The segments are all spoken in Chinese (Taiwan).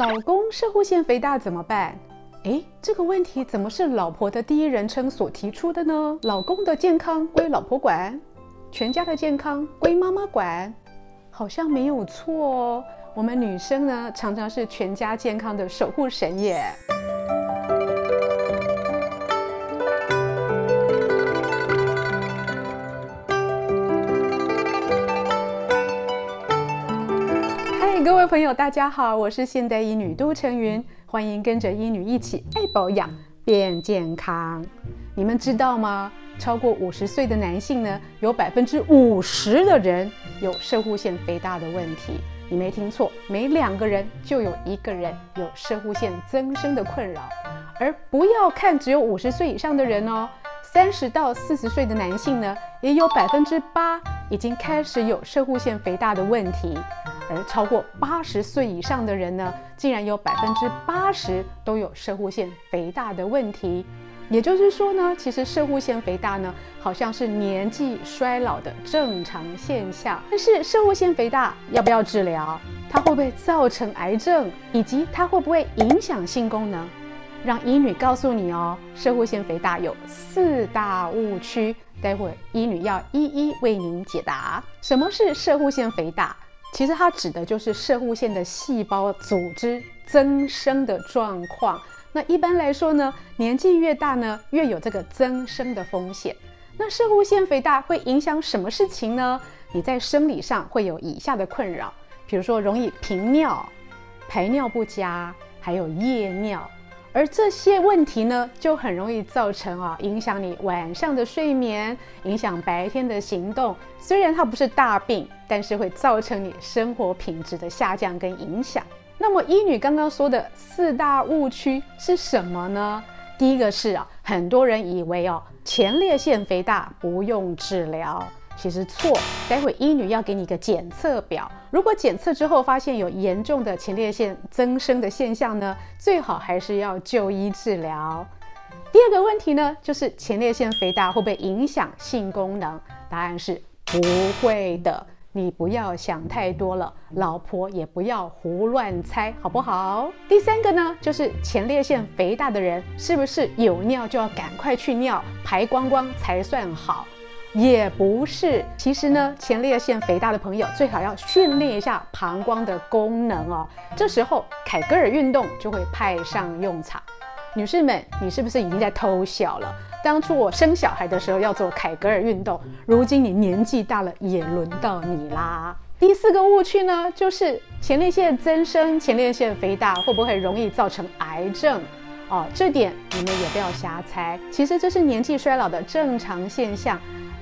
老公攝護腺肥大怎麼辦？哎，這個問題怎麼是老婆的第一人稱所提出的呢？老公的健康歸老婆管，全家的健康歸媽媽管，好像沒有錯哦。我們女生呢，常常是全家健康的守護神耶。各位朋友，大家好，我是現代醫女杜成云，歡迎跟着醫女一起愛保養變健康。你們知道嗎？超過五十歲的男性呢，有百分之五十的人有攝護腺肥大的問題。你沒聽錯，每兩個人就有一個人有攝護腺增生的困擾。而不要看只有五十歲以上的人哦，三十到四十歲的男性呢，也有百分之八已經開始有攝護腺肥大的問題。而超過八十歲以上的人呢，竟然有百分之八十都有攝護腺肥大的問題。也就是說呢，其實攝護腺肥大呢，好像是年紀衰老的正常現象。但是攝護腺肥大要不要治療？它會不會造成癌症？以及它會不會影響性功能？讓醫女告訴你哦，攝護腺肥大有四大誤區，待會兒醫女要一一為您解答。什麼是攝護腺肥大？其實它指的就是攝護腺的細胞組織增生的狀況。那一般來說呢，年紀越大呢，越有這個增生的風險。那攝護腺肥大會影響什麼事情呢？你在生理上會有以下的困擾，比如說容易頻尿、排尿不佳，還有夜尿。而這些問題呢，就很容易造成啊，影響你晚上的睡眠，影響白天的行動。雖然它不是大病。但是會造成你生活品質的下降跟影響。那麼醫女剛剛說的四大誤區是什麼呢？第一個是啊，很多人以為哦，前列腺肥大不用治療，其實錯。待會醫女要給你個檢測表，如果檢測之後發現有嚴重的前列腺增生的現象呢，最好還是要就醫治療。第二個問題呢，就是前列腺肥大會不會影響性功能？答案是不會的。你不要想太多了，老婆也不要胡亂猜，好不好？第三個呢，就是前列腺肥大的人，是不是有尿就要趕快去尿，排光光才算好？也不是，其實呢，前列腺肥大的朋友最好要訓練一下膀胱的功能哦。這時候凱格爾運動就會派上用場。女士們，你是不是已經在偷笑了？當初我生小孩的時候要做凱格爾運動，如今你年紀大了，也輪到你啦。第四個誤區呢，就是前列腺增生、前列腺肥大會不會容易造成癌症？哦，這點你們也不要瞎猜。其實這是年紀衰老的正常現象，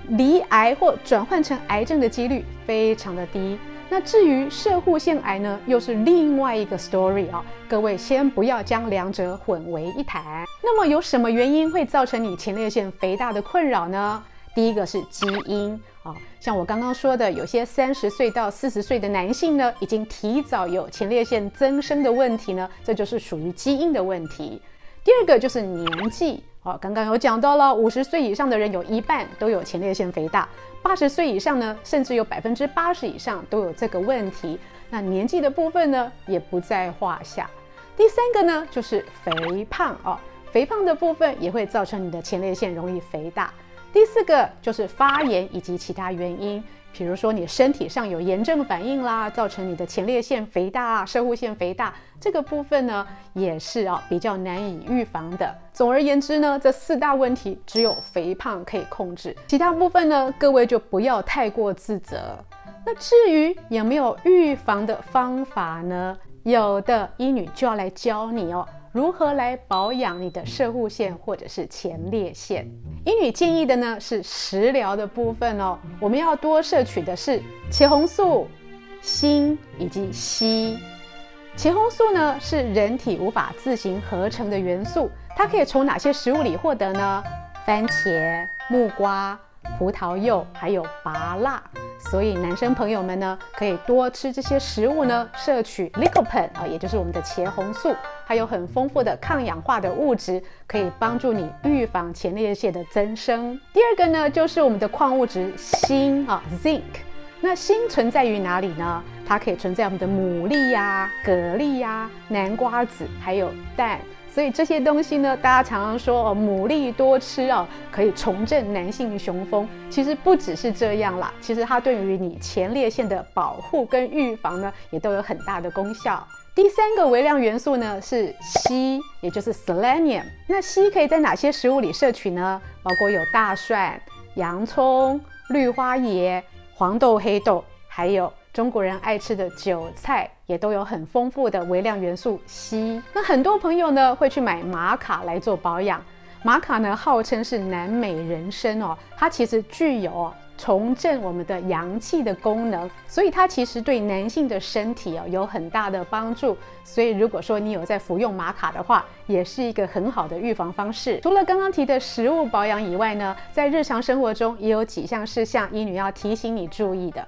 罹癌或轉換成癌症的幾率非常的低。那至於攝護腺癌呢，又是另外一個 story 啊、哦，各位先不要將兩者混為一談。那麼有什麼原因會造成你前列腺肥大的困擾呢？第一個是基因啊、哦，像我剛剛說的，有些三十歲到四十歲的男性呢，已經提早有前列腺增生的問題呢，這就是屬於基因的問題。第二個就是年紀啊、哦，剛剛有講到了，五十歲以上的人有一半都有前列腺肥大，八十歲以上呢，甚至有百分之八十以上都有這個問題。那年紀的部分呢，也不在話下。第三個呢，就是肥胖啊。哦肥胖的部分也會造成你的前列腺容易肥大。第四個就是發炎以及其他原因，比如說你身體上有炎症反應啦，造成你的前列腺肥大、攝護腺肥大，這個部分呢也是啊、哦、比較難以預防的。總而言之呢，這四大問題只有肥胖可以控制，其他部分呢各位就不要太過自責。那至於有沒有預防的方法呢？有的，醫女就要來教你哦。如何來保養你的攝護腺或者是前列腺？醫女建議的呢是食療的部分哦。我們要多攝取的是茄紅素、鋅以及硒。茄紅素呢是人體無法自行合成的元素，它可以從哪些食物裡獲得呢？番茄、木瓜、葡萄柚，還有芭樂。所以，男生朋友們呢，可以多吃這些食物呢，攝取 Lycopene 啊，也就是我們的茄紅素，還有很豐富的抗氧化的物質，可以幫助你預防前列腺的增生。第二個呢，就是我們的礦物質鋅啊，Zinc。那鋅存在於哪裡呢？它可以存在我們的牡蠣呀、啊、蛤蜊呀、啊、南瓜子，還有蛋。所以這些東西呢，大家常常說，哦，牡蠣多吃哦，可以重振男性雄風。其實不只是這樣啦，其實它對於你前列腺的保護跟預防呢，也都有很大的功效。第三個微量元素呢是硒，也就是 selenium。那硒可以在哪些食物裡攝取呢？包括有大蒜、洋蔥、綠花椰、黃豆、黑豆，還有，中國人愛吃的韭菜也都有很豐富的微量元素硒。那很多朋友呢會去買瑪卡來做保養。瑪卡呢號稱是南美人參哦，它其實具有、哦、重振我們的陽氣的功能，所以它其實對男性的身體哦有很大的幫助。所以如果說你有在服用瑪卡的話，也是一個很好的預防方式。除了剛剛提的食物保養以外呢，在日常生活中也有幾項事項，醫女要提醒你注意的。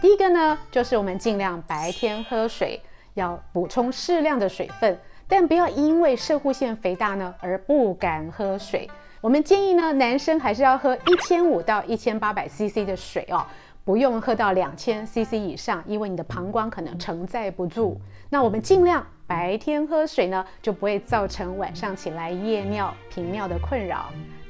第一個呢，就是我們盡量白天喝水，要補充適量的水分，但不要因為攝護腺肥大呢而不敢喝水。我們建議呢，男生還是要喝一千五到一千八百 CC 的水哦，不用喝到兩千 CC 以上，因為你的膀胱可能承載不住。那我們盡量白天喝水呢，就不會造成晚上起來夜尿、頻尿的困擾。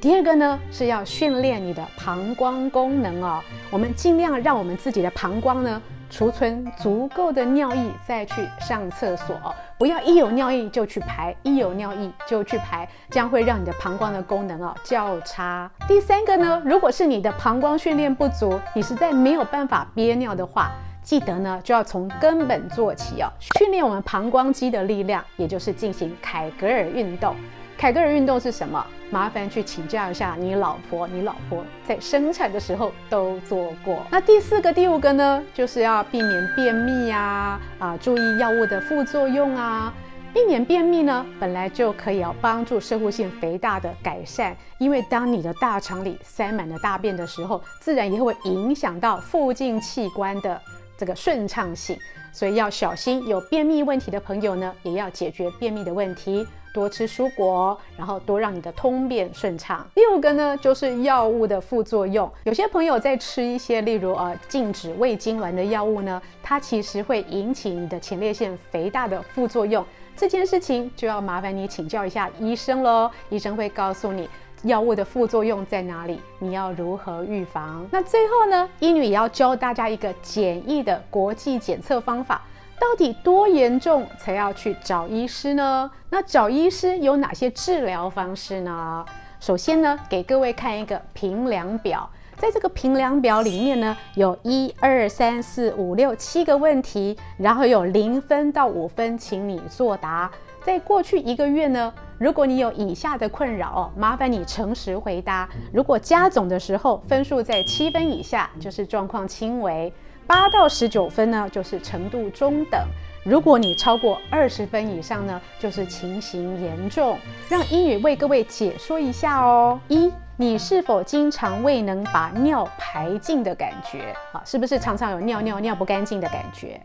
第二個呢是要訓練你的膀胱功能哦，我們儘量讓我們自己的膀胱呢儲存足夠的尿液再去上廁所哦，不要一有尿意就去排，一有尿意就去排，這樣會讓你的膀胱的功能啊哦較差。第三個呢，如果是你的膀胱訓練不足，你實在沒有辦法憋尿的話，記得呢就要從根本做起哦，訓練我們膀胱肌的力量，也就是進行凱格爾運動。凱格爾運動是什麼？麻煩去請教一下你老婆。你老婆在生產的時候都做過。那第四個、第五個呢，就是要避免便秘呀啊，啊，注意藥物的副作用啊。避免便秘呢，本來就可以要幫助攝護腺肥大的改善，因為當你的大腸裡塞滿了大便的時候，自然也會影響到附近器官的這個順暢性。所以要小心有便秘問題的朋友呢，也要解決便秘的問題。多吃蔬果，然後多讓你的通便順暢。第五個呢，就是藥物的副作用。有些朋友在吃一些，例如呃，禁止胃痙攣的藥物呢，它其實會引起你的前列腺肥大的副作用。這件事情就要麻煩你請教一下醫生嘍。醫生會告訴你藥物的副作用在哪裡，你要如何預防。那最後呢，醫女也要教大家一個簡易的國際檢測方法。到底多嚴重才要去找醫師呢？那找醫師有哪些治療方式呢？首先呢，給各位看一個評量表，在這個評量表裡面呢，有一二三四五六七個問題，然後有零分到五分，請你作答。在過去一個月呢，如果你有以下的困擾，麻煩你誠實回答。如果加總的時候，分數在七分以下，就是狀況輕微。八到十九分呢，就是程度中等。如果你超過二十分以上呢，就是情形嚴重。讓醫女為各位解說一下哦。一，你是否經常未能把尿排盡的感覺？啊，是不是常常有尿尿尿不乾淨的感覺？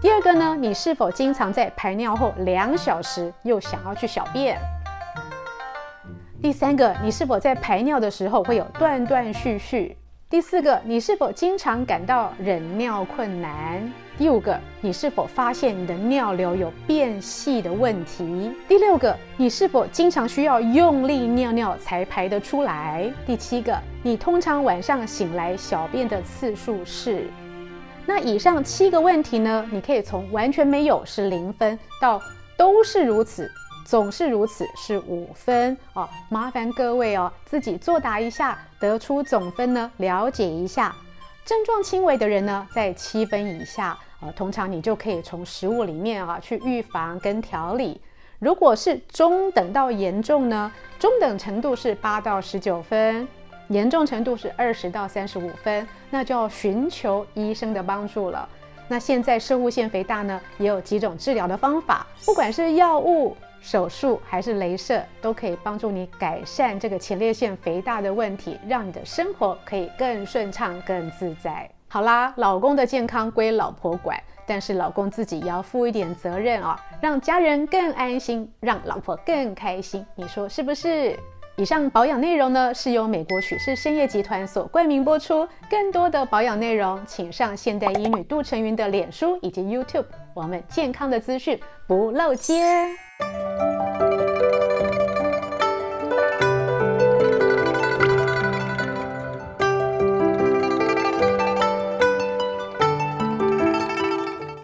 第二個呢，你是否經常在排尿後兩小時又想要去小便？第三個，你是否在排尿的時候會有斷斷續續？第四個，你是否經常感到忍尿困難？第五個，你是否發現你的尿流有變細的問題？第六個，你是否經常需要用力尿尿才排得出來？第七個，你通常晚上醒來小便的次數是？那以上七個問題呢，你可以從完全沒有是零分到都是如此。總是如此是五分哦，麻煩各位哦自己作答一下，得出總分呢，了解一下。症狀輕微的人呢，在七分以下啊，哦、通常你就可以從食物裡面啊去預防跟調理。如果是中等到嚴重呢，中等程度是八到十九分，嚴重程度是二十到三十五分，那就要尋求醫生的幫助了。那現在攝護腺肥大呢，也有幾種治療的方法，不管是藥物。手術還是鐳射，都可以幫助你改善這個前列腺肥大的問題，讓你的生活可以更順暢、更自在。好啦，老公的健康歸老婆管，但是老公自己也要負一點責任啊、哦，讓家人更安心，讓老婆更開心，你說是不是？以上保養內容呢，是由美國許氏參業集團所冠名播出。更多的保養內容，請上現代醫女杜成雲的臉書以及 YouTube。我們健康的資訊不漏接。